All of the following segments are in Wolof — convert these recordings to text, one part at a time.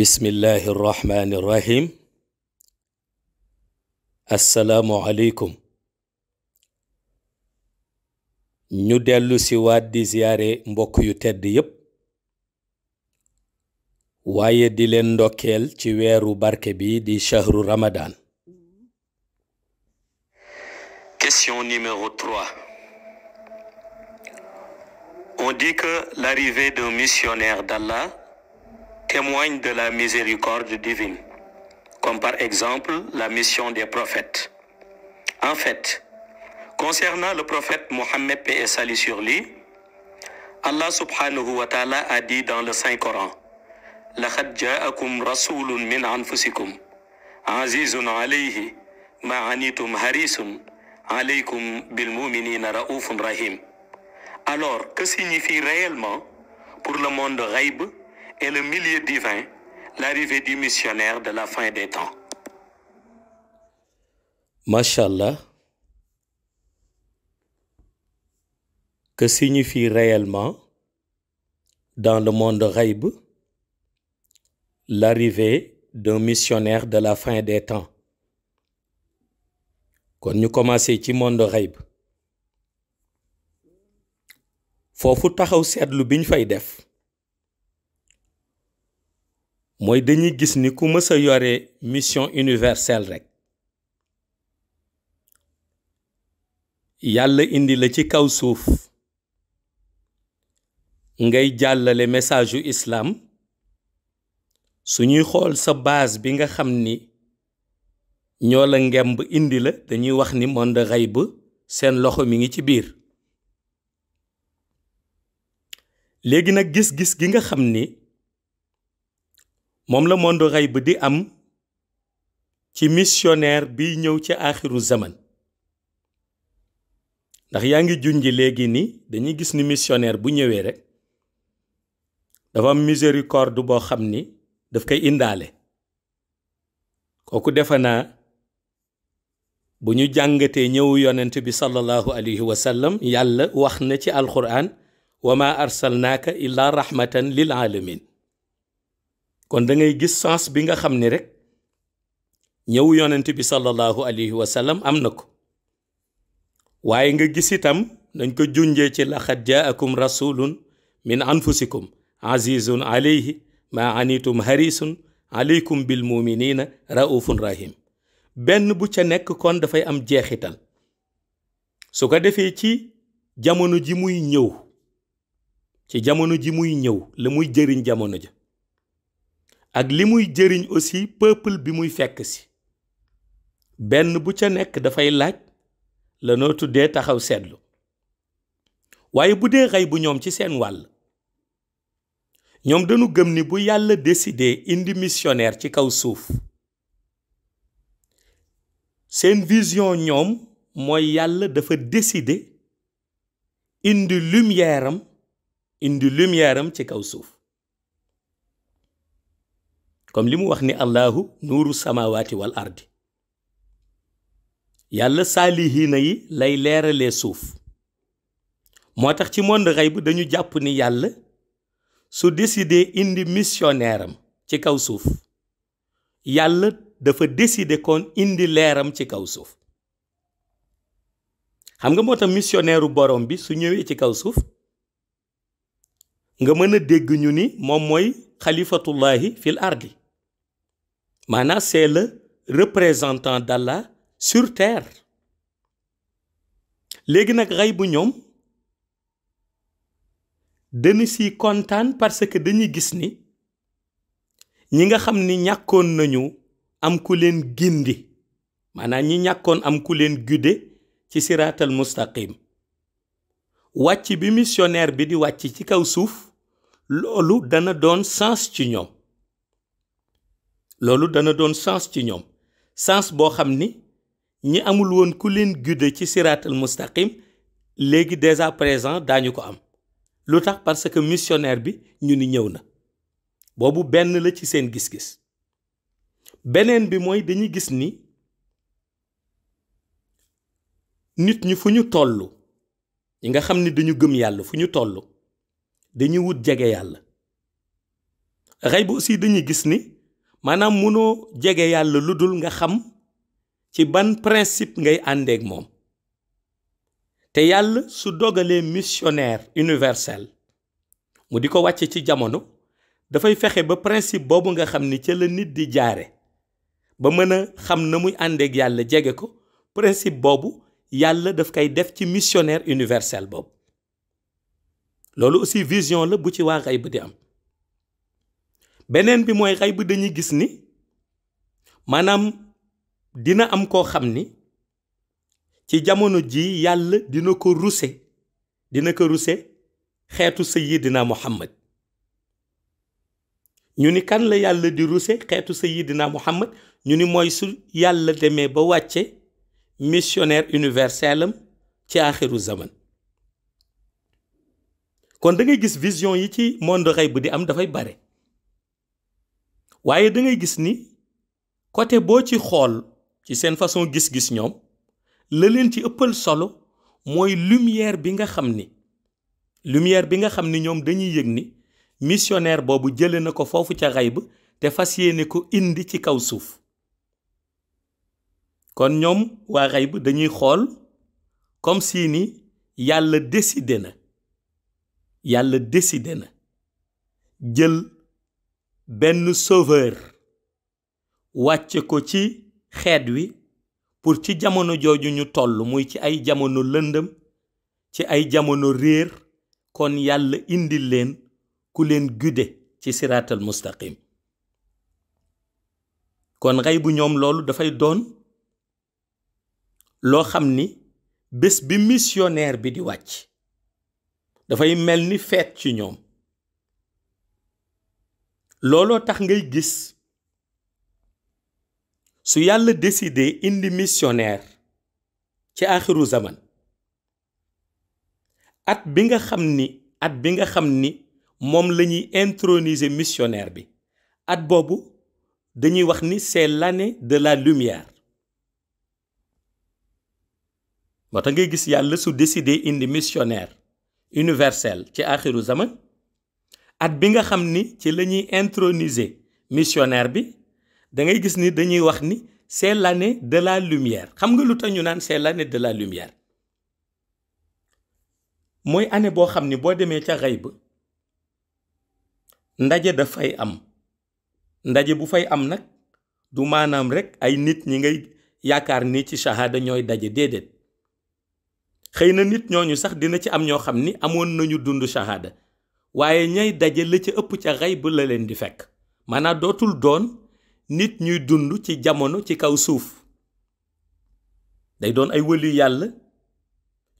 bismillahi irrahmani irrahim asalaamualeykum ñu dellu si waat ziyaare mbokk yu tedd yépp waaye di leen ndokkeel ci weeru barke bi di shahru ramadan question numéro on dit que l'arrivée d'un missionnaire d'Allah témoignent de la miséricorde divine, comme par exemple la mission des prophètes. En fait, concernant le prophète Mohammed paix et sur lui, Allah subhanahu wa a dit dans le Saint-Coran, لقد جاءكم رسول من أنفسكم عزيز عليه ما عنيتم حريص عليكم بالمؤمنين رؤوف رحيم Alors, que signifie réellement pour le monde ghaib et le milieu l'arrivée du missionnaire de la fin des temps. Macha Allah. Que signifie réellement, dans le monde ghaïb, l'arrivée d'un missionnaire de la fin des temps kon ñu commencé ci monde ghaïb foofu taxaw seetlu biñ fay def mooy dañuy gis ni ku mës a yore mission universelle rek yàlla indi la ci kaw suuf ngay jàllale message yu islaam suñuy xool sa base bi nga xam ni ñoo la ngemb indi la dañuy wax ni monde ghaib seen loxo mi ngi ci biir léegi nag gis-gis gi nga xam ni moom la monde xayb di am ci missionnaire biy ñëw ci aaxiru zaman ndax yaa ngi junj léegi ni dañuy gis ni missionnaire bu ñëwee rek dafa am miséricorde boo xam ni daf koy indaale kooku defe naa bu ñu jàngatee ñëwu yonent bi sallallahu alayhi sallam yàlla wax na ci alxuraan wa ma arsalnaaka illa rahmatan lil alamin kon dangay gis sens bi nga xam ni rek ñëw yonent bi sallallahu alayhi wa sallam am na ko waaye nga gis itam dañ ko junjee ci laqad jaakum rasulun min anfusikum azizun alayhi ma anitum harisun aleykum bil muminina raufun rahim benn bu ca nekk kon dafay am jeexital su ko defee ci jamono ji muy ñëw ci jamono ji muy ñëw la muy jëriñ jamono ja ak li muy jëriñ aussi peuple bi muy fekk si benn bu ca nekk dafay laaj lanoo tuddee taxaw seetlu waaye bu dee xëy bu ñoom ci seen wàll ñoom danu gëm ni bu yàlla décidé indi missionnaire ci kaw suuf seen vision ñoom mooy yàlla dafa décidé indi lumière indi lumière am ci kaw suuf comme li mu wax ni allahu nuuru samawaati wal ardi yàlla saalihiina yi lay leeralee suuf moo tax ci monde xayb dañu jàpp ni yàlla su décidé indi missionnaire ci kaw suuf yàlla dafa décidé indi leeram ci kaw suuf xam nga moo tax missionnaire borom bi su ñëwee ci kaw suuf nga mën a dégg ñu ni moom mooy xalifatullahi fil ardi maana c'est le représentant d'Allah sur léegi nag xay bu ñoom dañu si kontaan parce que dañuy gis ni ñi nga xam ni ñàkkoon nañu am ku leen gindi maanaam ñi ñàkkoon am ku leen guide ci siraatal mustaqim wàcc bi missionnaire bi di wàcc ci kaw suuf loolu dana doon sens ci ñoom loolu dana doon sens ci ñoom sens boo xam ni ñi amul woon ku leen guider ci siraatal mustaqim léegi dès à présent daañu ko am lu tax parce que missionnaire bi ñu ni ñëw na boobu benn la ci seen gis-gis beneen bi mooy dañu gis ni nit ñi fu ñu tollu ñi nga xam ni dañu gëm yàlla fu ñu toll dañuy wut jege yàlla rey bu aussi dañuy gis ni maanaam munoo jege yàlla lu dul nga xam ci ban principe ngay àndeek moom te yàlla su dogalee missionnaire universel mu di ko wàcce ci jamono dafay fexe ba principe boobu nga xam ni ca la nit di jaare ba mën a xam na muy àndeek yàlla jege ko principe boobu yàlla daf koy def ci missionnaire universel boobu loolu aussi vision la bu ci waa xayb di am beneen bi mooy xay bu dañuy gis ni maanaam dina am koo xam ni ci jamono ji yàlla dina ko ruse dina ko ruse xeetu sayyidina muhammad ñu ni kan la yàlla di ruse xeetu sayyidina muhammad ñu ni mooy su yàlla demee ba wàcce missionnaire universel am ci aaxiru zaman kon da ngay gis vision yi ci monde xay bu di am dafay bare waaye da gis ni côté boo ci xool ci seen façon gis-gis ñoom la leen ci ëppal solo mooy lumière bi nga xam ni lumière bi nga xam ni ñoom dañuy yëg ni missionnaire boobu jële na ko foofu ca xayb te fas yéene ko indi ci kaw suuf kon ñoom waa xayb dañuy xool comme si ni yàlla décidé na yàlla décidé na jël benn sover wàcce ko ci xeet wi pour ci jamono jooju ñu toll muy ci ay jamono lëndëm ci ay jamono réer kon yàlla indi leen ku leen gude ci siraatal mustaqim kon xëy bu ñoom loolu dafay doon loo xam ni bés bi missionnaire bi di wàcc dafay mel ni feet ci ñoom looloo tax ngay gis su yàlla décidé indi missionnaire ci aaxiru zaman at bi nga xam ni moom lañuy ñuy introniser missionnaire bi at boobu dañuy wax ni c'est l'année de la lumière moo tax ngay gis yàlla su décidé indi missionnaire universel ci aaxiru zaman at bi nga xam ni ci la ñuy introniser missionnaire bi da ngay gis ni dañuy wax ni c'est l'année de la lumière xam nga lu tax ñu naan c'est l'année de la lumière mooy année boo xam ni boo demee ca xay ba ndaje dafay am ndaje bu fay am nag du maanaam rek ay nit ñi ngay yaakaar ni ci shahada ñooy daje déedéet xëy na nit ñooñu sax dina ci am ñoo xam ni amoon nañu dund shahada waaye ñay daje la ca ëpp ca xay bu la leen di fekk maanaam dootul doon nit ñuy dund ci jamono ci kaw suuf day doon ay wëli yàlla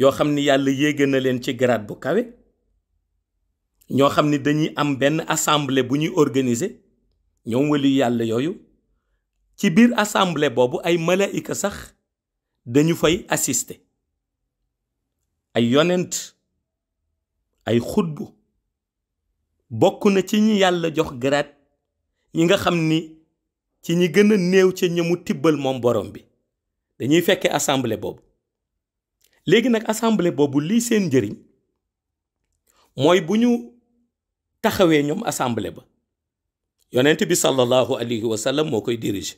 yoo xam ni yàlla yéege na leen ci grade bu kawe ñoo xam ni dañuy am benn assemblée bu ñuy organiser ñoom wëli yàlla yooyu ci biir assemblée boobu ay malaayika sax dañu fay assister ay yonent ay xutbu bokk na ci ñi yàlla jox garaat ñi nga xam ni ci ñi gën a néew ca ñamu tibbal moom borom bi dañuy fekkee assemblée boobu léegi nag assemble boobu lii seen njëriñ mooy bu ñu taxawee ñoom assemble ba yonent bi sallallahu alayhi wa sallam moo koy dirige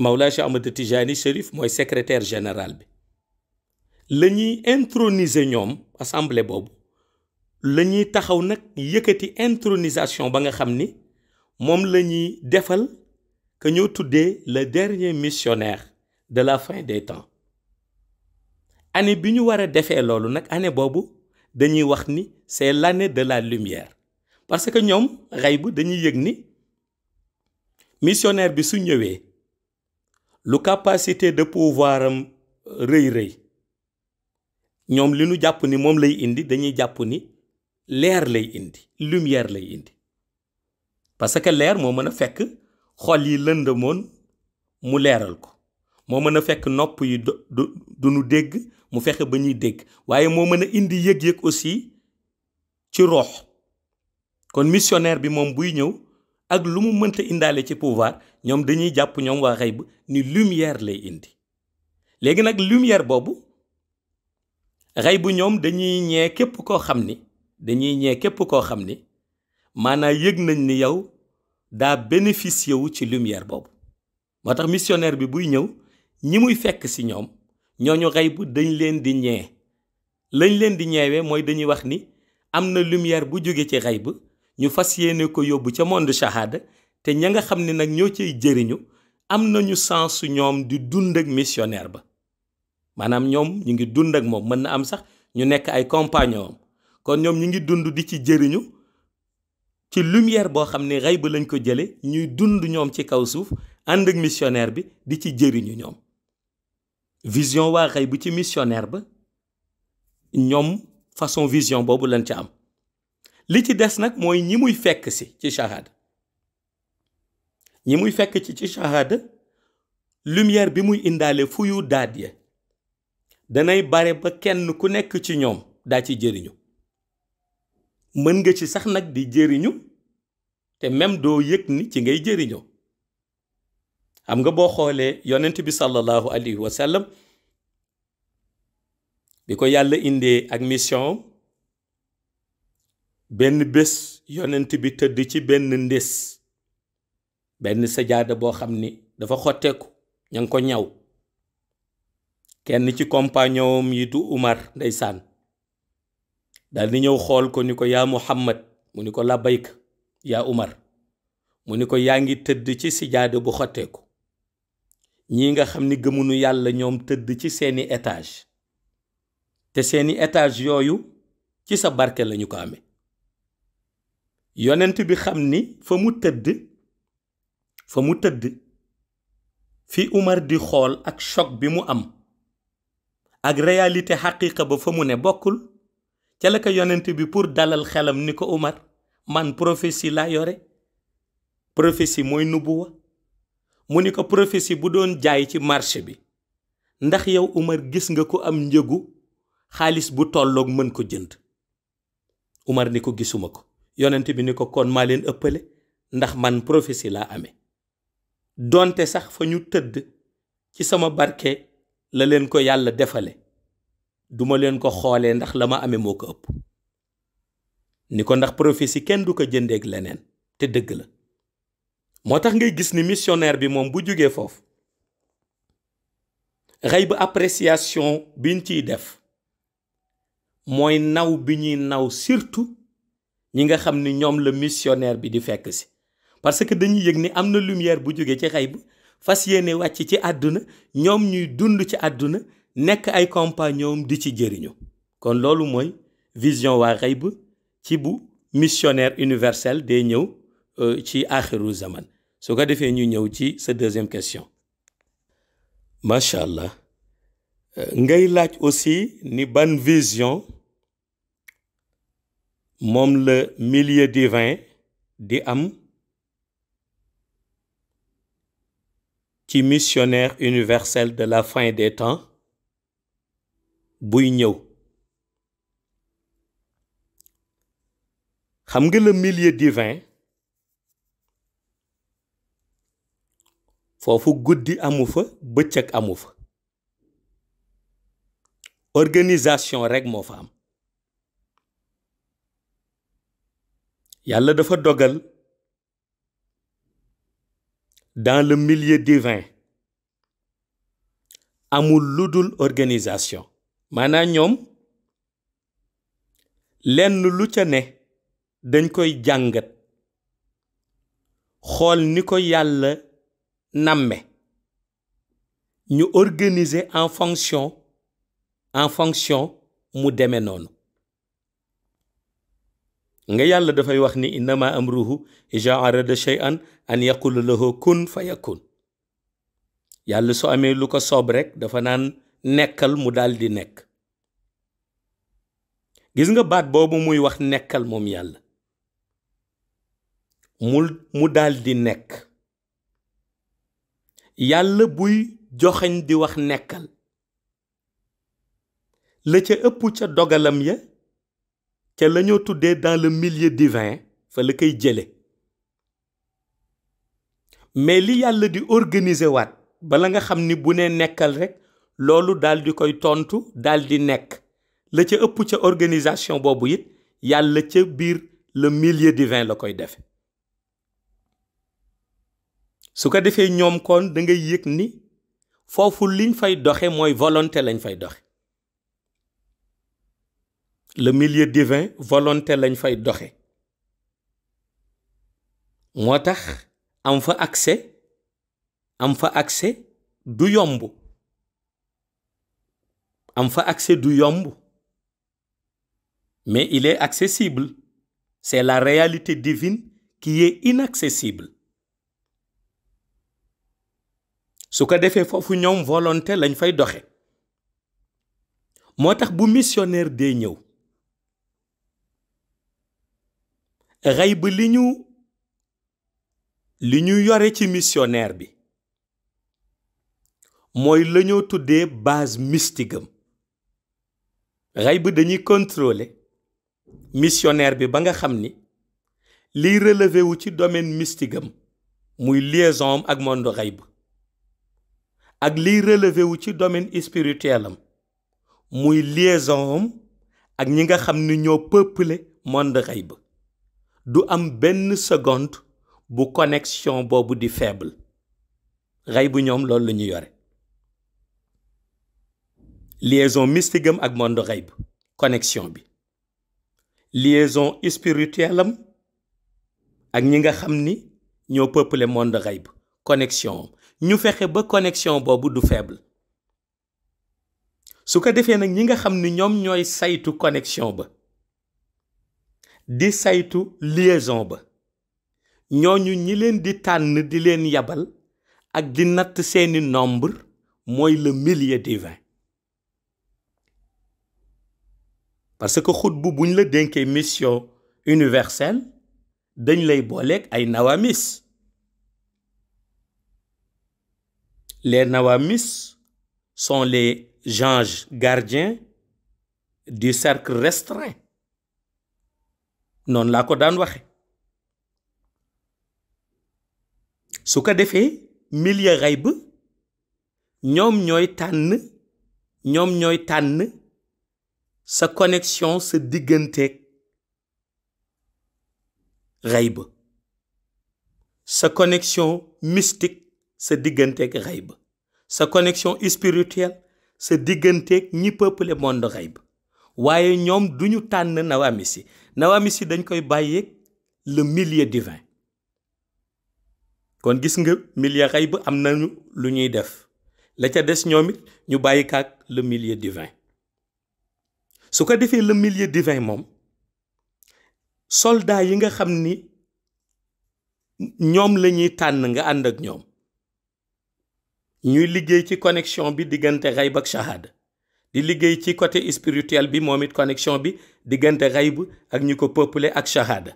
Mawlaa Cheikh Ahmad Tijani Chérif mooy secretaire général bi la ñuy introniser ñoom assemble boobu la ñuy taxaw nag yëkkati intronisation ba nga xam ni moom la ñuy defal que ñoo tuddee le dernier missionnaire de la fin des temps année bi ñu war defee loolu nag année boobu dañuy wax ni c'est l'année de la lumière parce que ñoom xay bu dañuy yëg ni missionnaire bi su ñëwee lu capacité de pouvoir euh, rëy rëy ñoom li ñu jàpp ni moom lay indi dañuy jàpp ni leer lay indi lumière lay indi parce que leer moo mën a fekk xol yi lëndëmoon mu leeral ko moo mën a fekk nopp yi du du nu dégg mu fexe ba ñuy dégg waaye moo mën a indi yëg-yëg aussi ci roox kon missionnaire bi moom buy ñëw ak lu mu mënta indaale ci pouvoir ñoom dañuy jàpp ñoom waa xëy ba ni lumière lay indi léegi nag lumière boobu xëy bu ñoom dañuy ñee képp koo xam ni dañuy ñee képp koo xam ni maanaa yëg nañ ni yow daa bénéficié wu ci lumière boobu moo tax missionnaire bi buy ñëw ñi muy fekk si ñoom ñooñu xëy bu dañ leen di ñee lañ leen di ñeewee mooy dañuy wax ni am na lumière bu jóge ci xëy bu ñu fas yéene ko yóbbu ca monde shahada te ña nga xam ne nag ñoo cay jëriñu am nañu sens ñoom di dund ak missionnaire ba maanaam ñoom ñu ngi dund ak moom mën na am sax ñu nekk ay compagnons kon ñoom ñu ngi dund di ci jëriñu ci lumière boo xam ne xayb lañ ko jële ñuy dund ñoom ci kaw suuf ànd ak missionnaire bi di ci jëriñu ñoom vision waa xayb ci missionnaire ba ñoom façon vision boobu lañ ca am li ci des nag mooy ñi muy fekk si ci shahada ñi muy fekk ci ci shahada lumière bi muy indaale fuyu daat ya danay bare ba kenn ku nekk ci ñoom daa ci jëriñu mën nga ci sax nag di jëriñu te même doo yëg ni ci ngay jëriñoo xam nga boo xoolee yonent bi sallallahu alayhi wa sallam bi ko yàlla indee ak mission benn bés yonent bi tëdd ci benn ndés benn sajaada boo xam ni dafa xotteeku ña ngi ko ñaw kenn ci compagnon yi du Umar ndeysaan daal di ñëw xool ko ni ko yaa muhammad mu ni ko labbayk yaa umar mu ni ko yaa ngi tëdd ci sijaade bu xotteeku ñii nga xam ni gëmunu yàlla ñoom tëdd ci seeni étage te seeni étage yooyu ci sa barke lañu ko amee yonent bi xam ni fa mu tëdd fa mu tëdd fi umar di xool ak choc bi mu am ak réalité xaqiiqa ba fa mu ne bokkul ca la ko yonent bi pour dalal xelam ni ko Umar man prophétie laa yore prophétie mooy nubuwa mu ni ko prophétie bu doon jaay ci marché bi ndax yow Umar gis nga ko am njëgu xaalis bu tolloog mën ko jënd Umar ni ko gisuma ko yonent bi ni ko kon maa leen ëppale ndax man prophétie laa ame donte sax fa ñu tëdd ci sama barke la leen ko yàlla defale duma leen ko xoolee ndax la ma amee moo ko ëpp ni ko ndax prophétie kenn du ko jëndeeg leneen te dëgg la moo tax ngay gis ni missionnaire bi moom bu jógee foofu xëy ba appréciation biñ ciy def mooy naw bi ñuy naw surtout ñi nga xam ni ñoom la missionnaire bi di fekk si parce que dañu yëg ni am na lumière bu jógee ci xëy ba fas yéene wàcc ci àdduna ñoom ñuy dund ci àdduna nekk ay compagnons di ci jëriñu kon loolu mooy vision waa xayb ci bu missionnaire universel day ñëw euh, ci axiru zaman su ko defee ñu ñëw ci sa deuxième question macha allah euh, ngay laaj aussi ni ban vision moom la milieu divin di am ci missionnaire universel de la fin des temps buy ñëw xam nga le milieu divin foofu guddi amu fa bëccëg amu fa organisation rek moo fa am yàlla dafa dogal dans le milieu vin amul lu dul organisation maanaam ñoom lenn lu ca ne dañ koy jàngat xool ni ko yàlla namme ñu organiser en fonction en fonction mu deme noonu nga yàlla dafay wax ni innama amruhu ija arada shay'an an yaqula lahu kun fa yakun yàlla su amee lu ko soob rekk dafa naan nekkal mu daal di nekk gis nga baat boobu muy wax nekkal moom yàlla mu mu daal di nekk yàlla buy joxañ di wax nekkal la ca ëpp ca dogalam ya ca la ñoo tuddee dans le milieu divin fa la koy jële mais li yàlla di organiser waat bala nga xam ni bu nee nekkal rekk loolu daal di koy tontu daal di nekk la ca ëpp ca organisation boobu it yàlla ca biir le milieu divin la koy defe su ko defee ñoom kon dangay ngay yëg ni foofu liñ fay doxe mooy volonté lañ fay doxe le milieu divin volonté lañ fay doxe moo tax am fa accès am fa agse du yomb am fa accès du yomb mais il est accessible c'est la réalité divine qui est inaccessible su ko defee foofu ñoom volonté lañ fay doxe moo tax bu missionnaire dee ñëw xëy ba liñu ñu li ñu yore ci missionnaire bi mooy la ñoo tuddee base mystique xay bu dañuy contrôler missionnaire bi ba nga xam ni liy relevé wu ci domaine mystique muy liaison ak monde xay bu ak liy relevé wu ci domaine spirituel am muy liaison am ak ñi nga xam ni ñoo peuplé monde xay bu du am benn seconde bu connexion boobu di faible xay bu ñoom loolu la ñu yore liaison mystique am ak monde xayb connexion bi liaison spirituelle am ak ñi nga xam ni ñoo peuplé monde xayb connexion ñu fexe ba connexion boobu du faible su ko defee nag ñi nga xam ni ñoom ñooy saytu connexion ba di saytu liaison ba ñooñu ñi leen di tànn di leen yabal ak di natt seeni nombre mooy le milieu divin parce que bu buñ la dénkee mission universelle dañ lay booleeg ay nawamis les nawamis sont les anges gardiens du cercle restreint noonu laa ko daan waxe su ko defee milieu xayb ñoom ñooy tànn ñoom ñooy tànn sa connexion sa digganteeg xay ba sa connexion mystique sa digganteeg xay sa connexion spirituelle sa digganteeg ñi peuple monde xay waaye ñoom duñu tànn nawamisi nawamisi dañ koy bàyyeeg le milieu divin kon gis nga milieu xay am na lu ñuy def la ca des ñoom it ñu bàyyi kaak le milieu divin su ko defee le milieu divin moom soldat yi nga xam ni ñoom la ñuy tànn nga ànd ak ñoom ñuy liggéey ci connexion bi diggante xayb ak shahada di liggéey ci côté spirituel bi moom it connexion bi diggante xayb ak ñu ko peuplé ak shahada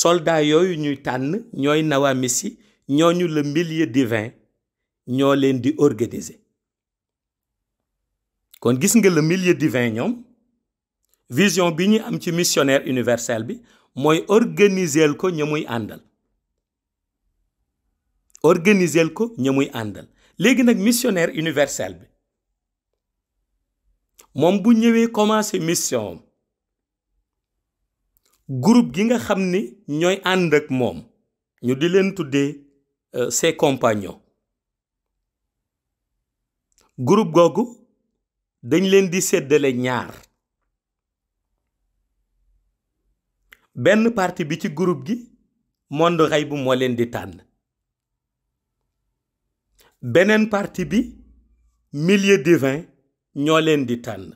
soldat yooyu ñuy tànn ñooy nawamisi ñooñu le milieu divin ñoo leen di organiser kon gis nga le milieu divin ñoom vision bi ñu am ci missionaire universel bi mooy organiser ko ña àndal organiser ko ña muy àndal léegi nag missionaire universel bi moom bu ñëwee commencé mission groupe gi nga xam ni ñooy ànd ak moom ñu di leen tuddee euh, ses compagnons groupe googu dañ leen di séddale ñaar benn parti bi ci groupe gi monde rey bu moo leen di tànn beneen parti bi milieu divin ñoo leen di tànn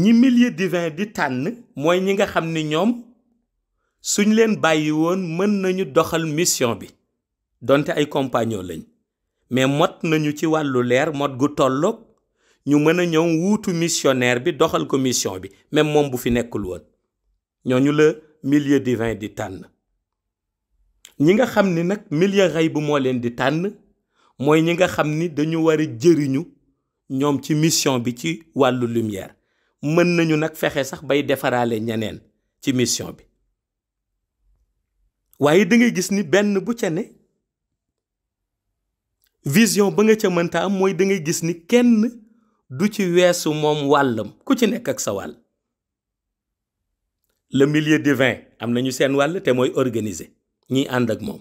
ñi milieu divin di tànn mooy ñi nga xam ni ñoom suñ leen bàyyi woon mën nañu doxal mission bi donte ay compagnon lañ mais mot nañu ci wàllu leer mot gu tolloog ñu mën a ñëw wuutu missionnaire bi doxal ko mission bi même moom bu fi nekkul woon ñoo ñu la milieu divin di tànn ñi nga xam ni nag millier rey bi moo leen di tànn mooy ñi nga xam ni dañu war a jëriñu ñoom ci mission bi ci wàllu lumière mën nañu nag fexe sax bay defaraale ñeneen ci mission bi waaye da ngay gis ni benn bu ca ne vision ba nga ca mënta am mooy da gis ni kenn du ci weesu moom wàllam ku ci nekk ak sa wàll le de divin am nañu seen wàll te mooy organiser ñi ànd ak moom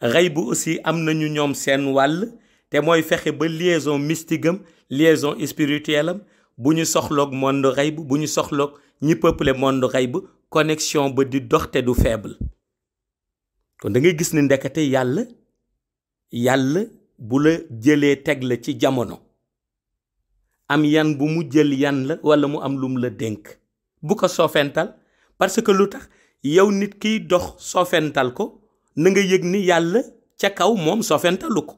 rey bu aussi am nañu ñoom seen wàll te mooy fexe ba lieson mystique am liaison spirituelle am bu ñu soxlook monde rey bu bu ñu soxloog ñi peuplé monde rey bu connexion ba di dox te du faible kon da gis ni ndekete yàlla yàlla bu la jëlee teg la ci jamono am yan bu mu jël yan la wala mu am lum la dénk bu ko soofental parce que lu tax yow nit kiy dox soofental ko na nga yëg ni yàlla ca kaw moom soofentalu ko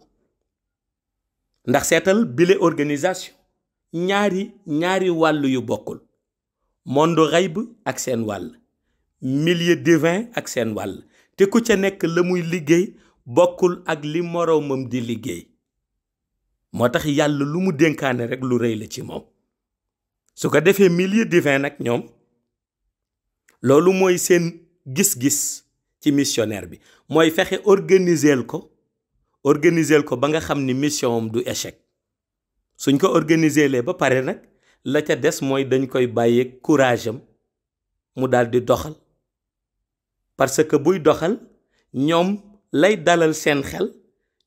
ndax seetal bile organisation ñaari ñaari wàll yu bokkul monde xayb ak seen wàll de divin ak seen wàll te ku ca nekk la muy liggéey bokkul ak li moroomam di liggéey moo tax yàlla lu mu dénkaane rek lu rëy la ci moom su ko defee milieu divin nag ñoom loolu mooy seen gis-gis ci missionnaire bi mooy fexe organiser ko organiser ko ba nga xam ni mission am du échec suñ ko organiser lee ba pare nag la ca des mooy dañ koy bàyyeeg courage am mu daal di doxal parce que buy doxal ñoom lay dalal seen xel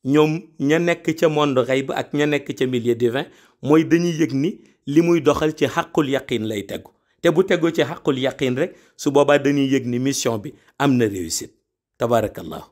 ñoom ña nekk ca monde xayb ak ña nekk ca milieu divin mooy dañuy yëg ni li muy doxal ci xaqul yaqin lay tegu te bu tegu ci xaqul yaqin rek su boobaa dañuy yëg ni mission bi am na réussite tabarakallahu